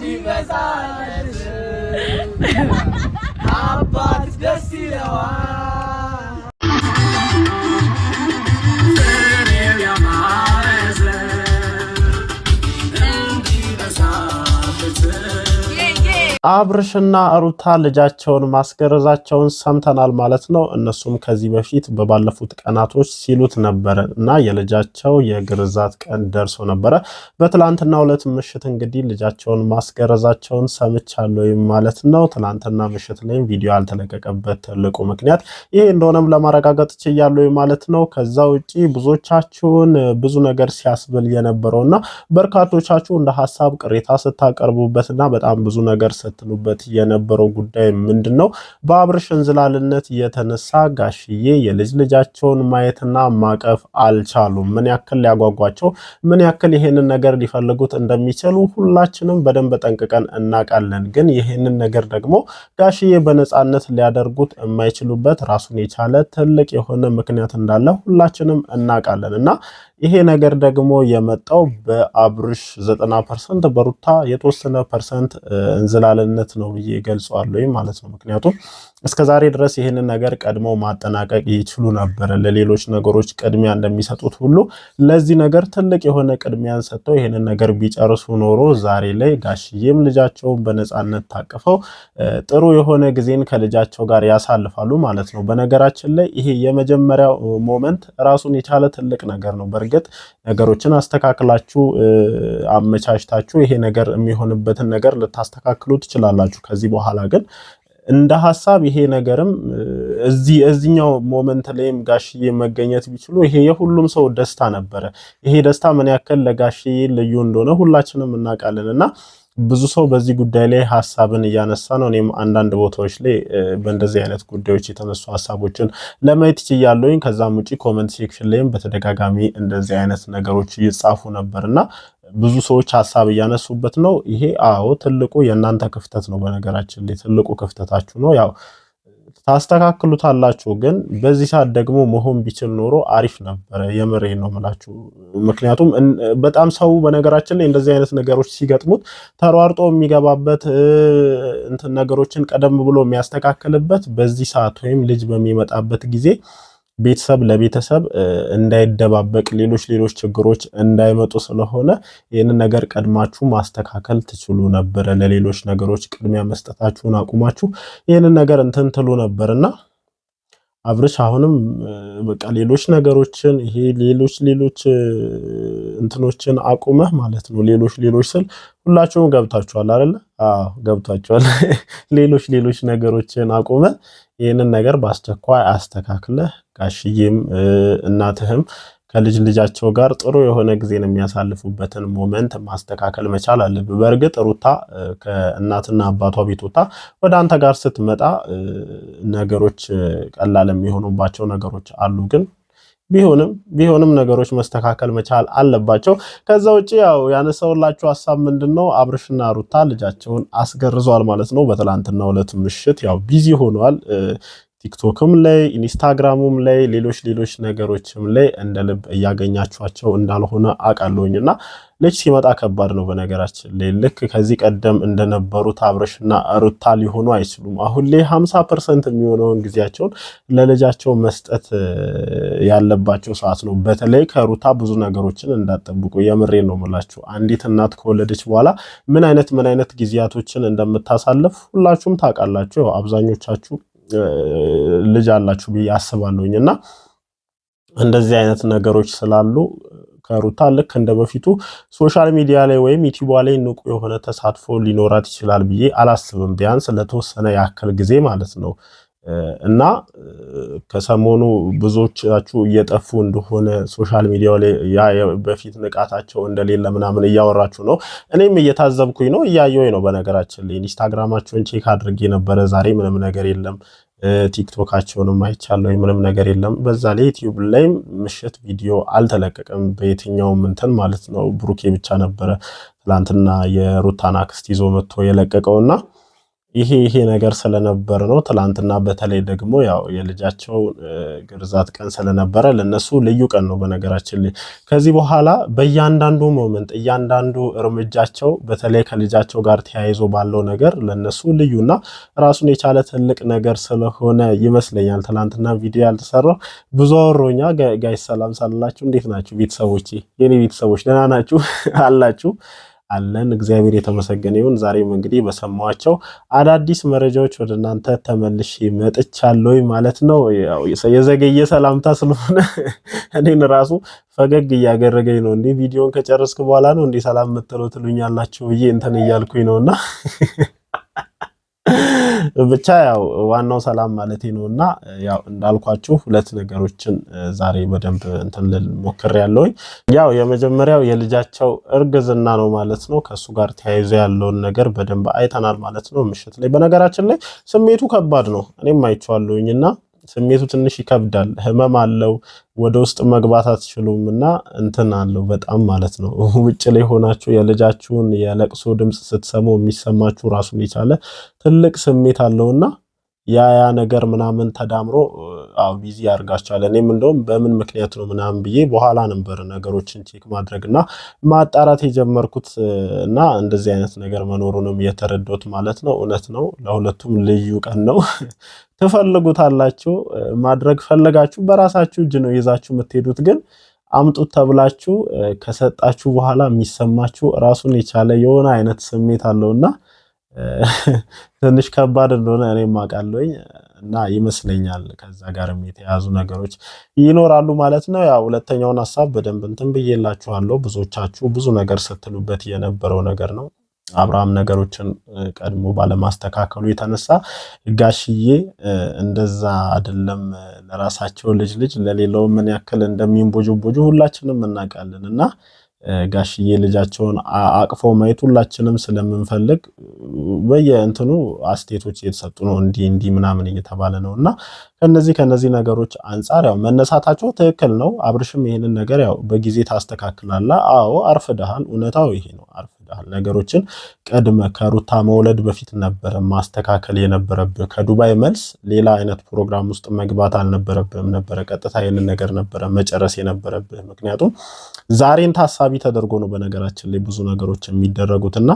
እኔና አባት ደስ ይለዋል። አብርሽና ሩታ ልጃቸውን ማስገረዛቸውን ሰምተናል ማለት ነው። እነሱም ከዚህ በፊት በባለፉት ቀናቶች ሲሉት ነበረ እና የልጃቸው የግርዛት ቀን ደርሶ ነበረ። በትላንትና ሁለት ምሽት እንግዲህ ልጃቸውን ማስገረዛቸውን ሰምቻለሁ ማለት ነው። ትላንትና ምሽት ላይም ቪዲዮ ያልተለቀቀበት ትልቁ ምክንያት ይሄ እንደሆነም ለማረጋገጥ ችያለሁ ማለት ነው። ከዛ ውጪ ብዙዎቻችሁን ብዙ ነገር ሲያስብል የነበረውና በርካቶቻችሁ እንደ ሀሳብ ቅሬታ ስታቀርቡበትና በጣም ብዙ ነገር ሲፈትኑበት የነበረው ጉዳይ ምንድን ነው? በአብርሽ እንዝላልነት የተነሳ ጋሽዬ የልጅ ልጃቸውን ማየትና ማቀፍ አልቻሉም። ምን ያክል ሊያጓጓቸው፣ ምን ያክል ይሄንን ነገር ሊፈልጉት እንደሚችሉ ሁላችንም በደንብ ጠንቅቀን እናውቃለን። ግን ይሄንን ነገር ደግሞ ጋሽዬ በነፃነት ሊያደርጉት የማይችሉበት ራሱን የቻለ ትልቅ የሆነ ምክንያት እንዳለ ሁላችንም እናውቃለን እና ይሄ ነገር ደግሞ የመጣው በአብርሽ 90% በሩታ የተወሰነ ፐርሰንት እንዝላልነት ነው ብዬ ገልጸዋለሁ ማለት ነው። ምክንያቱም እስከ ዛሬ ድረስ ይህንን ነገር ቀድሞ ማጠናቀቅ ይችሉ ነበረ። ለሌሎች ነገሮች ቅድሚያ እንደሚሰጡት ሁሉ ለዚህ ነገር ትልቅ የሆነ ቅድሚያን ሰጥተው ይህንን ነገር ቢጨርሱ ኖሮ ዛሬ ላይ ጋሽዬም ልጃቸውን በነፃነት ታቅፈው ጥሩ የሆነ ጊዜን ከልጃቸው ጋር ያሳልፋሉ ማለት ነው። በነገራችን ላይ ይሄ የመጀመሪያው ሞመንት ራሱን የቻለ ትልቅ ነገር ነው። በእርግጥ ነገሮችን አስተካክላችሁ አመቻችታችሁ ይሄ ነገር የሚሆንበትን ነገር ልታስተካክሉ ትችላላችሁ። ከዚህ በኋላ ግን እንደ ሀሳብ ይሄ ነገርም እዚህ እዚኛው ሞመንት ላይም ጋሽዬ መገኘት ቢችሉ ይሄ የሁሉም ሰው ደስታ ነበረ። ይሄ ደስታ ምን ያክል ለጋሽዬ ልዩ እንደሆነ ሁላችንም እናውቃለን እና ብዙ ሰው በዚህ ጉዳይ ላይ ሀሳብን እያነሳ ነው። እኔም አንዳንድ ቦታዎች ላይ በእንደዚህ አይነት ጉዳዮች የተነሱ ሀሳቦችን ለማየት ችያለሁኝ። ከዛም ውጪ ኮመንት ሴክሽን ላይም በተደጋጋሚ እንደዚህ አይነት ነገሮች እየጻፉ ነበር እና ብዙ ሰዎች ሀሳብ እያነሱበት ነው። ይሄ አዎ ትልቁ የእናንተ ክፍተት ነው። በነገራችን ላይ ትልቁ ክፍተታችሁ ነው። ያው ታስተካክሉታላችሁ፣ ግን በዚህ ሰዓት ደግሞ መሆን ቢችል ኖሮ አሪፍ ነበረ። የምሬ ነው ምላችሁ። ምክንያቱም በጣም ሰው በነገራችን ላይ እንደዚህ አይነት ነገሮች ሲገጥሙት ተሯርጦ የሚገባበት እንትን ነገሮችን ቀደም ብሎ የሚያስተካክልበት በዚህ ሰዓት ወይም ልጅ በሚመጣበት ጊዜ ቤተሰብ ለቤተሰብ እንዳይደባበቅ ሌሎች ሌሎች ችግሮች እንዳይመጡ ስለሆነ ይህንን ነገር ቀድማችሁ ማስተካከል ትችሉ ነበረ። ለሌሎች ነገሮች ቅድሚያ መስጠታችሁን አቁማችሁ ይህንን ነገር እንትን ትሉ ነበርና አብርሽ አሁንም በቃ ሌሎች ነገሮችን ይሄ ሌሎች ሌሎች እንትኖችን አቁመህ ማለት ነው። ሌሎች ሌሎች ስል ሁላችሁም ገብታችኋል አይደለ? አዎ ገብታችኋል። ሌሎች ሌሎች ነገሮችን አቁመህ ይህንን ነገር በአስቸኳይ አስተካክለህ ጋሽዬም እናትህም ከልጅ ልጃቸው ጋር ጥሩ የሆነ ጊዜን የሚያሳልፉበትን ሞመንት ማስተካከል መቻል አለብህ። በእርግጥ ሩታ ከእናትና አባቷ ቤት ወጣ ወደ አንተ ጋር ስትመጣ ነገሮች ቀላል የሚሆኑባቸው ነገሮች አሉ ግን ቢሆንም ቢሆንም ነገሮች መስተካከል መቻል አለባቸው። ከዛ ውጪ ያው ያነሳውላችሁ ሀሳብ ምንድነው አብርሽና ሩታ ልጃቸውን አስገርዟል ማለት ነው። በትላንትና ሁለት ምሽት ያው ቢዚ ሆኗል። ቲክቶክም ላይ ኢንስታግራሙም ላይ ሌሎች ሌሎች ነገሮችም ላይ እንደ ልብ እያገኛችኋቸው እንዳልሆነ አውቃለሁኝ እና ልጅ ሲመጣ ከባድ ነው። በነገራችን ላይ ልክ ከዚህ ቀደም እንደነበሩት አብረሽና ሩታ ሊሆኑ አይችሉም። አሁን ላይ ሀምሳ ፐርሰንት የሚሆነውን ጊዜያቸውን ለልጃቸው መስጠት ያለባቸው ሰዓት ነው። በተለይ ከሩታ ብዙ ነገሮችን እንዳጠብቁ የምሬ ነው ምላችሁ። አንዲት እናት ከወለደች በኋላ ምን አይነት ምን አይነት ጊዜያቶችን እንደምታሳልፍ ሁላችሁም ታውቃላችሁ። አብዛኞቻችሁ ልጅ አላችሁ ብዬ አስባለሁኝ እና እንደዚህ አይነት ነገሮች ስላሉ ከሩታ ልክ እንደ በፊቱ ሶሻል ሚዲያ ላይ ወይም ዩቲዩብ ላይ ንቁ የሆነ ተሳትፎ ሊኖራት ይችላል ብዬ አላስብም። ቢያንስ ለተወሰነ ያክል ጊዜ ማለት ነው። እና ከሰሞኑ ብዙዎቻችሁ እየጠፉ እንደሆነ ሶሻል ሚዲያው ላይ ያ በፊት ንቃታቸው እንደሌለ ምናምን እያወራችሁ ነው። እኔም እየታዘብኩኝ ነው እያየሁኝ ነው። በነገራችን ላይ ኢንስታግራማቸውን ቼክ አድርጌ ነበረ። ዛሬ ምንም ነገር የለም። ቲክቶካቸውንም አይቻለሁ። ምንም ነገር የለም። በዛ ላይ ዩቲዩብ ላይም ምሽት ቪዲዮ አልተለቀቀም በየትኛውም እንትን ማለት ነው። ብሩኬ ብቻ ነበረ ትላንትና የሩታና ክስት ይዞ መጥቶ የለቀቀውና ይሄ ይሄ ነገር ስለነበር ነው። ትላንትና በተለይ ደግሞ ያው የልጃቸው ግርዛት ቀን ስለነበረ ለነሱ ልዩ ቀን ነው። በነገራችን ላይ ከዚህ በኋላ በእያንዳንዱ ሞመንት፣ እያንዳንዱ እርምጃቸው በተለይ ከልጃቸው ጋር ተያይዞ ባለው ነገር ለነሱ ልዩና ራሱን የቻለ ትልቅ ነገር ስለሆነ ይመስለኛል ትላንትና ቪዲዮ ያልተሰራው። ብዙ አወሮኛ ጋይ ሰላም ሳላችሁ፣ እንዴት ናችሁ ቤተሰቦቼ? የኔ ቤተሰቦች ደህና ናችሁ አላችሁ? አለን። እግዚአብሔር የተመሰገነ ይሁን። ዛሬም እንግዲህ በሰማኋቸው አዳዲስ መረጃዎች ወደ እናንተ ተመልሼ መጥቻለሁ ማለት ነው። የዘገየ ሰላምታ ስለሆነ እኔን ራሱ ፈገግ እያገረገኝ ነው። እንዲህ ቪዲዮን ከጨረስክ በኋላ ነው እንዲህ ሰላም የምትለው ትሉኛላችሁ ብዬ እንትን እያልኩኝ ነውና ብቻ ያው ዋናው ሰላም ማለቴ ነው እና ያው እንዳልኳችሁ ሁለት ነገሮችን ዛሬ በደንብ እንትን ልል ያለውኝ ያው የመጀመሪያው የልጃቸው እርግዝና ነው ማለት ነው። ከእሱ ጋር ተያይዞ ያለውን ነገር በደንብ አይተናል ማለት ነው ምሽት ላይ። በነገራችን ላይ ስሜቱ ከባድ ነው፣ እኔም አይቼዋለሁኝ እና ስሜቱ ትንሽ ይከብዳል፣ ህመም አለው። ወደ ውስጥ መግባት አትችሉም እና እንትን አለው በጣም ማለት ነው። ውጭ ላይ ሆናችሁ የልጃችሁን የለቅሶ ድምፅ ስትሰሙ የሚሰማችሁ ራሱን የቻለ ትልቅ ስሜት አለውና ያ ያ ነገር ምናምን ተዳምሮ አዎ ቢዚ ያርጋቸዋል። እኔም እንደውም በምን ምክንያት ነው ምናምን ብዬ በኋላ ነበር ነገሮችን ቼክ ማድረግ እና ማጣራት የጀመርኩት እና እንደዚህ አይነት ነገር መኖሩንም የተረዳውት ማለት ነው። እውነት ነው፣ ለሁለቱም ልዩ ቀን ነው። ትፈልጉታላችሁ፣ ማድረግ ፈለጋችሁ በራሳችሁ እጅ ነው ይዛችሁ የምትሄዱት ግን አምጡት ተብላችሁ ከሰጣችሁ በኋላ የሚሰማችሁ ራሱን የቻለ የሆነ አይነት ስሜት አለውና ትንሽ ከባድ እንደሆነ እኔም አውቃለሁኝ እና ይመስለኛል ከዛ ጋርም የተያያዙ ነገሮች ይኖራሉ ማለት ነው። ያ ሁለተኛውን ሀሳብ በደንብ እንትን ብዬላችኋለሁ። ብዙዎቻችሁ ብዙ ነገር ስትሉበት የነበረው ነገር ነው። አብርሃም ነገሮችን ቀድሞ ባለማስተካከሉ የተነሳ ጋሽዬ እንደዛ አይደለም ለራሳቸው ልጅ ልጅ ለሌላው ምን ያክል እንደሚንቦጆቦጁ ሁላችንም እናውቃለን እና ጋሽዬ ልጃቸውን አቅፎ ማየት ሁላችንም ስለምንፈልግ በየእንትኑ አስቴቶች እየተሰጡ ነው፣ እንዲህ እንዲህ ምናምን እየተባለ ነው እና ከነዚህ ከነዚህ ነገሮች አንጻር ያው መነሳታቸው ትክክል ነው። አብርሽም ይህንን ነገር ያው በጊዜ ታስተካክላላ። አዎ አርፍደሃል፣ እውነታው ይሄ ነው። ይረዳሃል። ነገሮችን ቀድመ ከሩታ መውለድ በፊት ነበረ ማስተካከል የነበረብህ። ከዱባይ መልስ ሌላ አይነት ፕሮግራም ውስጥ መግባት አልነበረብህም ነበረ። ቀጥታ ይህንን ነገር ነበረ መጨረስ የነበረብህ። ምክንያቱም ዛሬን ታሳቢ ተደርጎ ነው በነገራችን ላይ ብዙ ነገሮች የሚደረጉትና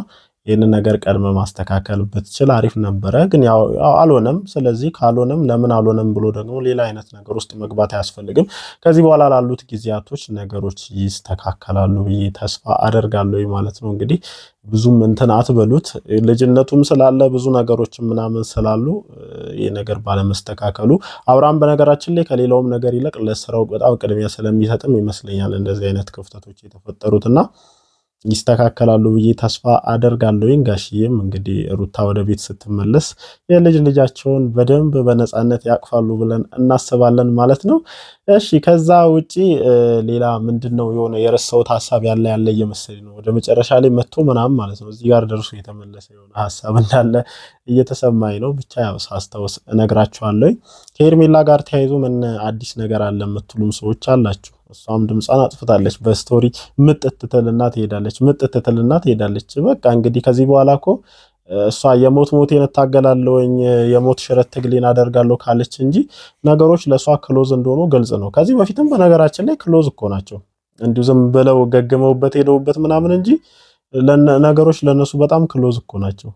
ይህንን ነገር ቀድመ ማስተካከል ብትችል አሪፍ ነበረ፣ ግን ያው አልሆነም። ስለዚህ ካልሆነም ለምን አልሆነም ብሎ ደግሞ ሌላ አይነት ነገር ውስጥ መግባት አያስፈልግም። ከዚህ በኋላ ላሉት ጊዜያቶች ነገሮች ይስተካከላሉ ብዬ ተስፋ አደርጋለሁ ማለት ነው። እንግዲህ ብዙም እንትን አትበሉት፣ ልጅነቱም ስላለ ብዙ ነገሮችም ምናምን ስላሉ ይህ ነገር ባለመስተካከሉ አብርሃም በነገራችን ላይ ከሌላውም ነገር ይለቅ ለስራው በጣም ቅድሚያ ስለሚሰጥም ይመስለኛል እንደዚህ አይነት ክፍተቶች የተፈጠሩት እና ይስተካከላሉ ብዬ ተስፋ አደርጋለሁኝ። ጋሽዬም እንግዲህ ሩታ ወደ ቤት ስትመለስ የልጅ ልጃቸውን በደንብ በነፃነት ያቅፋሉ ብለን እናስባለን ማለት ነው። እሺ ከዛ ውጪ ሌላ ምንድን ነው የሆነ የረሳሁት ሀሳብ ያለ ያለ እየመሰለኝ ነው። ወደ መጨረሻ ላይ መጥቶ ምናምን ማለት ነው እዚህ ጋር ደርሶ የተመለሰ የሆነ ሀሳብ እንዳለ እየተሰማኝ ነው። ብቻ ያው ሳስታውስ እነግራችኋለሁኝ። ከሄርሜላ ጋር ተያይዞ ምን አዲስ ነገር አለ የምትሉም ሰዎች አላችሁ። እሷም ድምጿን አጥፍታለች። በስቶሪ ምጥትትልና ትልና ትሄዳለች፣ ምጥት ትሄዳለች። በቃ እንግዲህ ከዚህ በኋላ እኮ እሷ የሞት ሞቴን እታገላለሁኝ የሞት ሽረት ትግሌን አደርጋለሁ ካለች እንጂ ነገሮች ለእሷ ክሎዝ እንደሆኑ ግልጽ ነው። ከዚህ በፊትም በነገራችን ላይ ክሎዝ እኮ ናቸው እንዲሁ ዝም ብለው ገግመውበት ሄደውበት ምናምን እንጂ ነገሮች ለነሱ በጣም ክሎዝ እኮ ናቸው።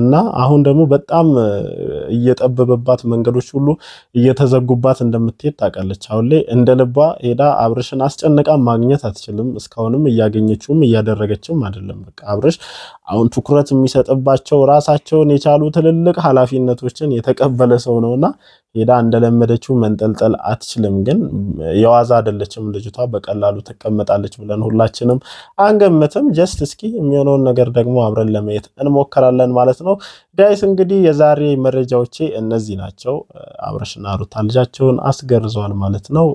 እና አሁን ደግሞ በጣም እየጠበበባት መንገዶች ሁሉ እየተዘጉባት እንደምትሄድ ታውቃለች። አሁን ላይ እንደ ልቧ ሄዳ አብርሽን አስጨንቃ ማግኘት አትችልም። እስካሁንም እያገኘችውም እያደረገችም አይደለም። በቃ አብርሽ አሁን ትኩረት የሚሰጥባቸው ራሳቸውን የቻሉ ትልልቅ ኃላፊነቶችን የተቀበለ ሰው ነውና ሄዳ እንደለመደችው መንጠልጠል አትችልም። ግን የዋዛ አይደለችም ልጅቷ በቀላሉ ትቀመጣለች ብለን ሁላችንም አንገምትም። ጀስት እስኪ የሚሆነውን ነገር ደግሞ አብረን ለማየት እንሞከራለን ማለት ነው። ጋይስ እንግዲህ የዛሬ መረጃዎቼ እነዚህ ናቸው። አብረሽና ሩታ ልጃቸውን አስገርዘዋል ማለት ነው።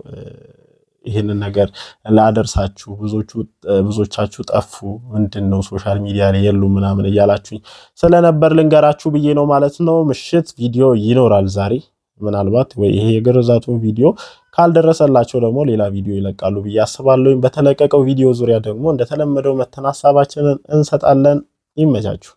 ይህንን ነገር ላደርሳችሁ ብዙዎቻችሁ ጠፉ፣ ምንድን ነው ሶሻል ሚዲያ ላይ የሉ ምናምን እያላችሁኝ ስለነበር ልንገራችሁ ብዬ ነው ማለት ነው። ምሽት ቪዲዮ ይኖራል ዛሬ ምናልባት ወይ ይሄ የግርዛቱ ቪዲዮ ካልደረሰላቸው ደግሞ ሌላ ቪዲዮ ይለቃሉ ብዬ አስባለሁ። በተለቀቀው ቪዲዮ ዙሪያ ደግሞ እንደተለመደው መተን ሀሳባችንን እንሰጣለን። ይመቻችሁ።